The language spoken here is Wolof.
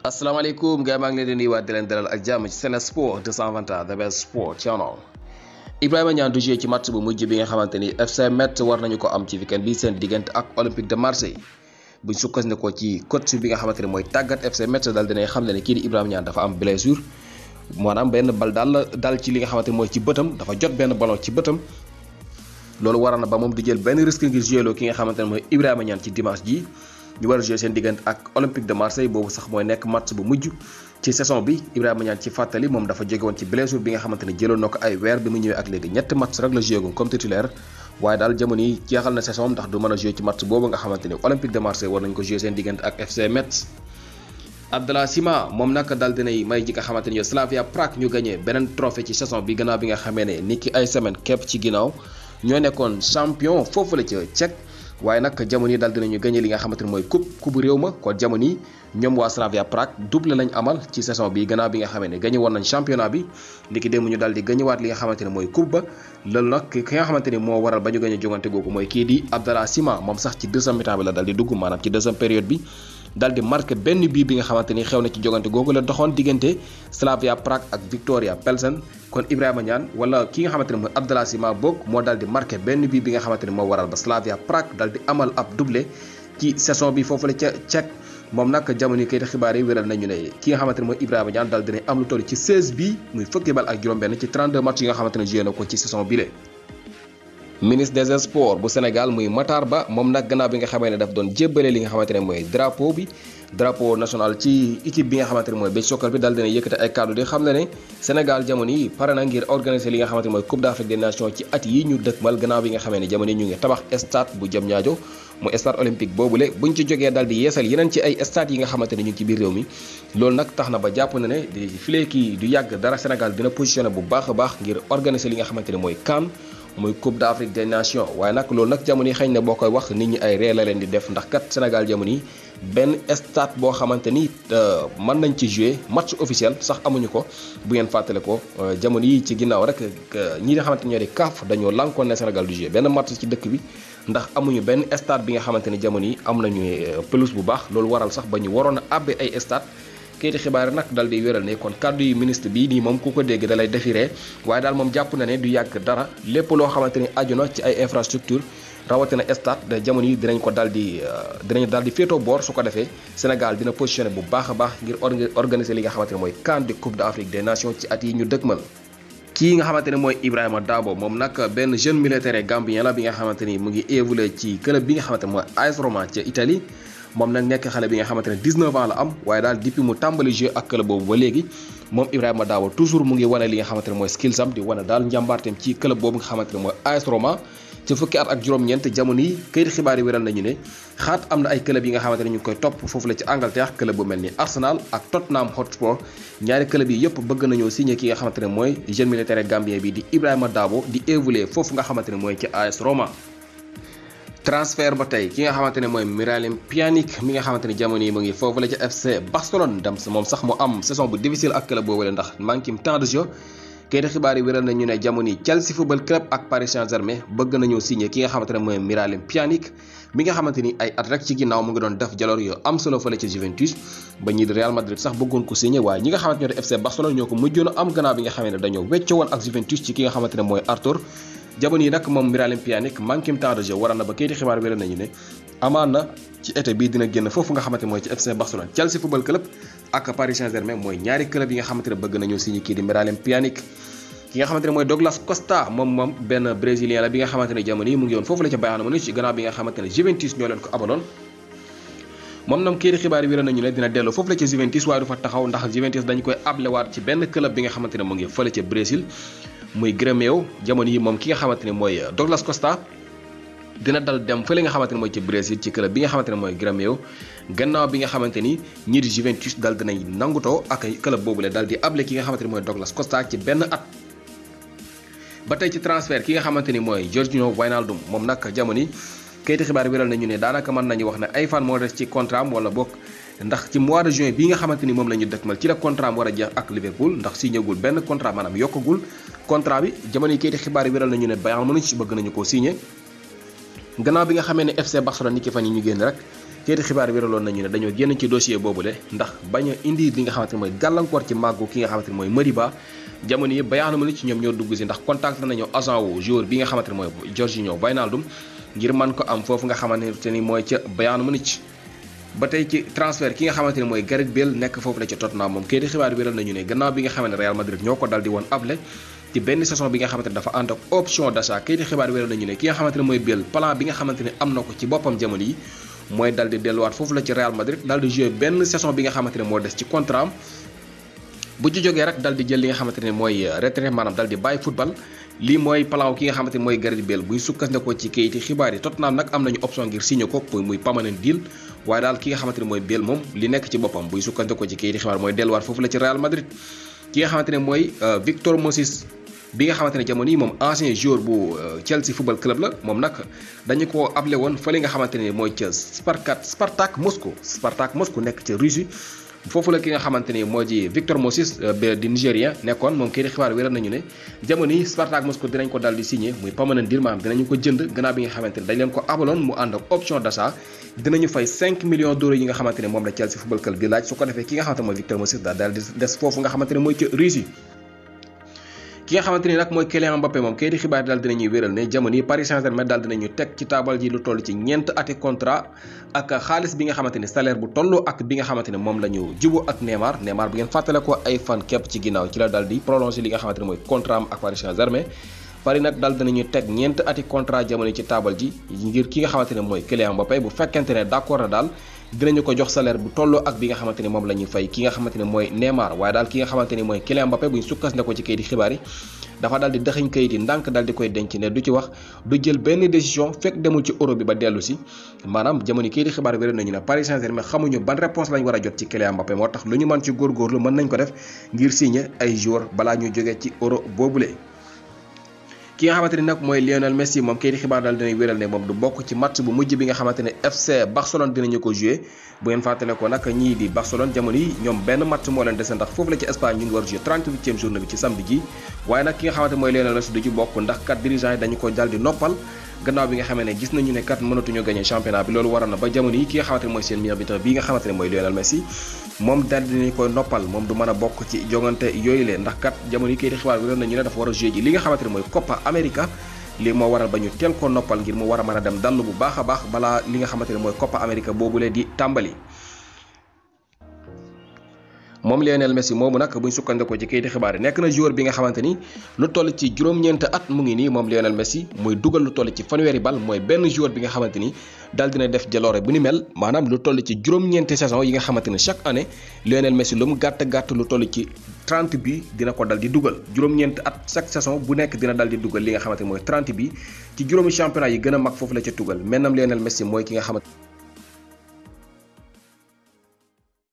Assalamualaikum, gamang maa ngi leen di nuyuwaat di dalal ak jàmm ci Sen Sport 220 the best sport channel Ibrahima Niang du jouer ci match bu mujj bi nga xamanteni FC Metz war nañu ko am ci weekend bi sen digent ak Olympique de Marseille ne ko ci coach bi nga xamanteni moy tagat FC Metz dal dinañ xam ne ne Ibrahima Niang dafa am blessure Manam ben bal dal dal ci li nga xamanteni moy ci beutam dafa jot ben ballon ci beutam. Lolu warana ba mom du jël ben risque ngir jouer lo ki nga xamanteni moy Ibrahima Niang ci dimanche ji ñu war a jouer seen diggante ak Olympique de Marseille boobu sax mooy nekk match bu mujj ci saison bi Ibrahima Niane ci fàttali moom dafa jóge woon ci blessure bi nga xamante ne jëloon na ko ay weer bi mu ñëwee ak léegi ñetti match rek la joué comme titulaire waaye daal jamono yi jeexal na saison ndax du mën a joué ci match boobu nga xamante ne Olympique de Marseille war nañ ko joué seen diggante ak FC Metz. Abdallah Sima moom nag dal dinay may ji nga xamante ni yow Slavia Prague ñu gagné beneen trophée ci saison bi nga xamee ne ni ki ay semaine képp ci ginnaaw ñoo nekkoon champion foofu la ca Tchèque waaye nag jamono yi daal dinañu gagné li nga xamante ne mooy coupe coupe réew ma kon jamono yi ñoom waa Slavia Prague double lañ amal ci saison bi gannaaw bi nga xamee ne gagné woon nañ championnat bi li ki démb ñu daal di li nga xamante ne mooy coupe ba loolu nag ki nga xamante ni moo waral ba ñu gagné jongante googu mooy kii di Abdallah Sima moom sax ci deuxième temps bi la daal di dugg maanaam ci deuxième période bi dal di marqué benn bii bi nga xamante ni xew na ci jogante googu la doxoon diggante Slavia Prague ak Victoria Pelsen kon Ibrahima Niane wala ki nga xamante ne mooy Abdallah Sima Bock moo dal di marqué benn bii bi nga xamante ne moo waral ba Slavia Prague dal di amal ab doublé ci saison bi foofu la ca Tchèque moom nag jamono kayit xibaar yi wéral nañu ne ki nga xamante ne mooy a Niane dal dina am lu toll ci 16 bii muy fukki bal ak juróom-benn ci 32 yi nga xamante ne ko ci saison bi ministre des sports bu Sénégal muy Matar Ba moom nag gannaaw bi nga xamee ne daf doon jébbale li nga xamante ne mooy drapeau bi drapeau national ci équipe bi nga xamante ne mooy beach soccer bi daal dina yëkkati ay kàddu di xam ne ne Sénégal jamono pare na ngir organiser li nga xamante mooy Coupe d'Afrique des Nations ci at yi ñu dëkkmal gannaaw bi nga xamee ne jamono yi ñu ngi tabax stade bu Diamniadio mu stade olympique boobule buñ ci jógee di yeesal yeneen ci ay stades yi nga xamante ne ñu ngi ci biir réew mi loolu nag na ba jàpp na ne di fileekii du dara Sénégal dina positionné bu baax a baax ngir organiser li nga xamante ne mooy CAN muy coupe d'Afrique des nation waaye nag loolu nag jamono yi xëy na boo koy wax nit ñi ay ree la leen di def ndax kat Sénégal jamono yi benn stade boo xamante ni euh, mën nañ ci jouer match officiel sax amuñu ko bu ngeen fàttale ko euh, jamono yi ci ginnaaw rek euh, ñi nga xamante ñoo di CAF dañoo lànkoon ne Sénégal du jouer benn match ci dëkk bi ndax amuñu benn stade bi nga xamante ni jamono yi am nañu pelouse bu baax loolu waral sax ba ñu waroon a àbbe ay stade kayiti xibaar nag dal di wéral ne kon kàddu yu ministre bii ni moom ku ko dégg dalay defiree waaye daal moom jàpp na ne du yàgg dara lépp loo xamante ni aju na ci ay infrastructure rawatina stade da jamono yi dinañ ko dal di euh, dinañ dal di féetoo boor su ko defee Sénégal dina positionné bu baax a baax ngir organise li nga xamante mooy CAN di Coupe d'Afrique des Nations ci at yi ñu dëkkmal kii nga xamante ne mooy Ibrahima Dabo moom nag benn jeune militaire gambien la bi nga xamante ni mu ngi évolué ci club bi nga xamante ne mooy AS Roma ca moom nag nekk xale bi nga xamante ne 19 ans la am waaye daal depuis mu tàmbali jeu ak club boobu ba léegi moom Ibrahima Dawa toujours mu ngi wane li nga xamante ne mooy skills am di wane daal njàmbaarteem ci club boobu nga xamante ne mooy AS Roma ci fukki at ak juróom-ñeent jamono yi këyit xibaar yi wéral nañu ne xaat am na ay club yi nga xamante ne ñu ngi koy topp foofu la ci Angleterre club bu mel ni Arsenal ak Tottenham Hotspur ñaari club yi yëpp bëgg nañoo signé ki nga xamante ne mooy jeune militaire gambien bi di Ibrahima Dabo di évoluer nga xamante ne mooy ci AS transfer ba tey ki nga xamante ne mooy Miralem Pjanic mi nga xamante ne mu ngi foofu la ca FC Barcelone dem moom sax mu am saison bu difficile ak club boobule ndax manqué temps de jeu. kayit xibaar yi wéral na ne jamono Chelsea football club ak Paris Saint-Germain bëgg nañoo signé ki nga xamante ne mooy Miralem Pjanic mi nga xamante ay at rek ci ginnaaw mu ngi doon def jaloor yu am solo fële ci Juventus ba ñii di Real Madrid sax bëggoon ko signé waaye ñi nga xamante ne FC Barcelone a am ne dañoo wecce woon ak Juventus ci ki nga jamono yi nag moom Miralem Pjanic manqué temps de jeu waral na ba kayiti xibaar wéral nañu ne amaan na ci été bi dina génn foofu nga xamante ne mooy Douglas Costa moom moom benn brésilien la bi nga xamante ne jamono mu ngi yoon foofu la ca Bayern Munich gannaaw bi nga xamante ne Juventus ñoo leen ko abaloon moom nam kii xibaar wéral nañu ne dina dellu foofu la ca Juventus waaye du fa taxaw ndax Juventus dañ koy ablewaat ci benn club bi nga muy Grêmio jamono yi moom ki nga xamante ni mooy euh, Douglas Costa dina dal dem fële nga xamante ne mooy ci Brésil ci club bi nga xamante ne mooy Grêmio gannaaw bi nga xamante ni ñii di Juventus dal dinañ nangutoo ak club boobu la dal di able ki nga xamante ni mooy Douglas Costa ci benn at. ba tey ci transfert ki nga xamante ni mooy Jorginho Wijnaldum moom nag jamono yi kayiti xibaar wéral nañu ne daanaka mën nañu wax ne ay fan moo des ci contrat am wala bokk. ndax ci mois de juin bi nga xamanteni mom moom la ci la contrat wara jeex ak liverpool ndax gul ben contrat manam yokagul contrat bi jamono yi xibaar yi wéral nañu ne bayern munich bëgg nañu ko signé gannaaw bi nga xamé ne fc barcelona niki fan yi ñu génn rek kayiti xibaar wéraloon nañu ne dañu génn ci dossier boobule ndax baña indi li nga xamanteni moy galankor ci màggu ki nga xamanteni moy mariba jamono yi bayern munich ñom ñoo dugg ci ndax contact nañu agent wu joueur bi nga xamanteni moy jorginho wijnaldum ngir man ko am fofu nga xamanteni moy ci ca bayern munich ba tey ci transfert ki nga xamante ne mooy Gareth Bale nekk foofu la ci Tottenham moom kii di xibaar wéral nañu ne gannaaw bi nga xamante ne Real Madrid ñoo ko dal di woon ci benn saison bi nga xamante dafa ànd ak option d'achat kii di xibaar wéral nañu ne ki nga xamante ne mooy Bale plan bi nga xamante am na ko ci boppam jamono yi mooy dal delluwaat foofu la ci Real Madrid dal di jouer benn saison bi nga xamante ne moo des ci contrat bu jógee rek dal di jël li nga xamante ne mooy retraite maanaam dal di bàyyi football lii mooy plan ki nga xamante ni mooy Gareth Bale buy sukkandikoo ci kayiti xibaar yi Tottenham nag am nañu option ngir signé ko muy permanent deal waaye daal ki nga xamante ni mooy Bale moom li nekk ci boppam buy sukkandikoo ci kayiti xibaar mooy delluwaat foofu la ci Real Madrid ki nga xamante ne mooy euh, Victor Moses bi nga xamante ne jamono yi moom ancien joueur bu euh, Chelsea football club la moom nag dañu ko able woon fële nga xamante ne mooy nekk ca foofu la ki nga xamante ni moo di Victor Moses euh, di Nigérien nekkoon moom kii di xibaar wéral nañu ne jamono yi Spartak Moscou dinañ ko daal di signé muy permanent dirham dinañu ko jënd gannaaw bi nga xamante ni dañ ko abaloon mu ànd option d'achat dinañu fay 5 millions yi nga xamante moom la Chelsea Football Club di laaj su ko defee ki nga xamante mooy Victor Moses daal di des foofu nga xamante mooy ca Russie ki nga xamante ni nag mooy Kylian Mbappé moom kayiti xibaar daal dinañuy wéral ne jamono yi Paris Saint-Germain daal dinañu teg ci taabal ji lu toll ci ñeent ati contrat ak xaalis bi nga xamante ni salaire bu toll ak bi nga xamante ni moom la ñu jubo ak Neymar Neymar bu ngeen fàttale ko ay fan képp ci ginnaaw ci la daal di prolongé li nga xamante ni mooy contrat am ak Paris Saint-Germain Paris nag daal dinañu teg ñeent ati contrat jamono ci taabal ji ngir ki nga xamante ne mooy Kylian Mbappé bu fekkente ne d'accord na daal dinañu ko jox salaire bu tolloo ak bi nga xamante ni moom la ñuy fay ki nga xamante ni mooy Neymar waaye daal ki nga xamante ni mooy Kylian Mbappé bu ñu sukkas na ko ci kayit xibaar yi dafa daal di dëxañ kayit yi ndànk daal di koy denc ne du ci wax du jël benn décision fekk demul ci euro bi ba dellu si maanaam jamono kayit xibaar wér nañu ne Paris Saint-Germain xamuñu ban réponse lañ war a jot ci Kylian Mbappé moo tax lu ñu mën ci góorgóorlu mën nañ ko def ngir signer ay joueurs balaa ñu jógee ci euro boobule ki nga xamante ni nag mooy Lionel Messi moom kayit xibaar daal dinañ wéral ne moom du bokk ci match bu mujj bi nga xamante FC Barcelone dinañu ko joué bu ngeen fàttale ko nag ñii di Barcelone jamono yi ñoom benn match moo leen dese ndax foofu la ci Espagne ñu ngi war joué 38e journée bi ci samedi ji waaye nag ki nga xamante mooy Lionel Messi du ci bokk ndax kat dirigeant yi dañu ko dal noppal gannaaw bi nga xamee ne gis nañu ne kat mënatuñu gagné championnat bi loolu waral na ba jamono yi ki nga xamante ne mooy seen meilleur buteur bi nga Lionel Messi moom daal dinañ koy noppal moom du mën a bokk ci jongante yooyu leen ndax kat jamono yi koy di xibaar bi doon nañu ne dafa war a joué li nga xamante ne mooy Copa América lii moo waral ba ñu teel ko noppal ngir mu war a mën a dem dall bu baax a baax balaa li nga xamante ne mooy Copa América boobule di tàmbali moom Lionel Messi moomu nag buñ sukkandikoo ci kayiti xibaar yi nekk na joueur bi nga xamante lu toll ci juróom-ñeent at mu ngi nii moom Lionel Messi muy dugal lu toll ci fanweeri bal mooy benn joueur bi nga xamante ni daal dina def jaloore bu ni mel maanaam lu toll ci juróom-ñeenti sason yi nga xamante ni chaque année Lionel Messi lu mu gàtt gàtt lu toll ci 30 bi dina ko dal di dugal juróom-ñeenti at chaque sason bu nekk dina dal di dugal li nga xamante mooy 30 bi ci juróomi championnat yi a tugal maintenant Lionel Messi mooy ki nga xamante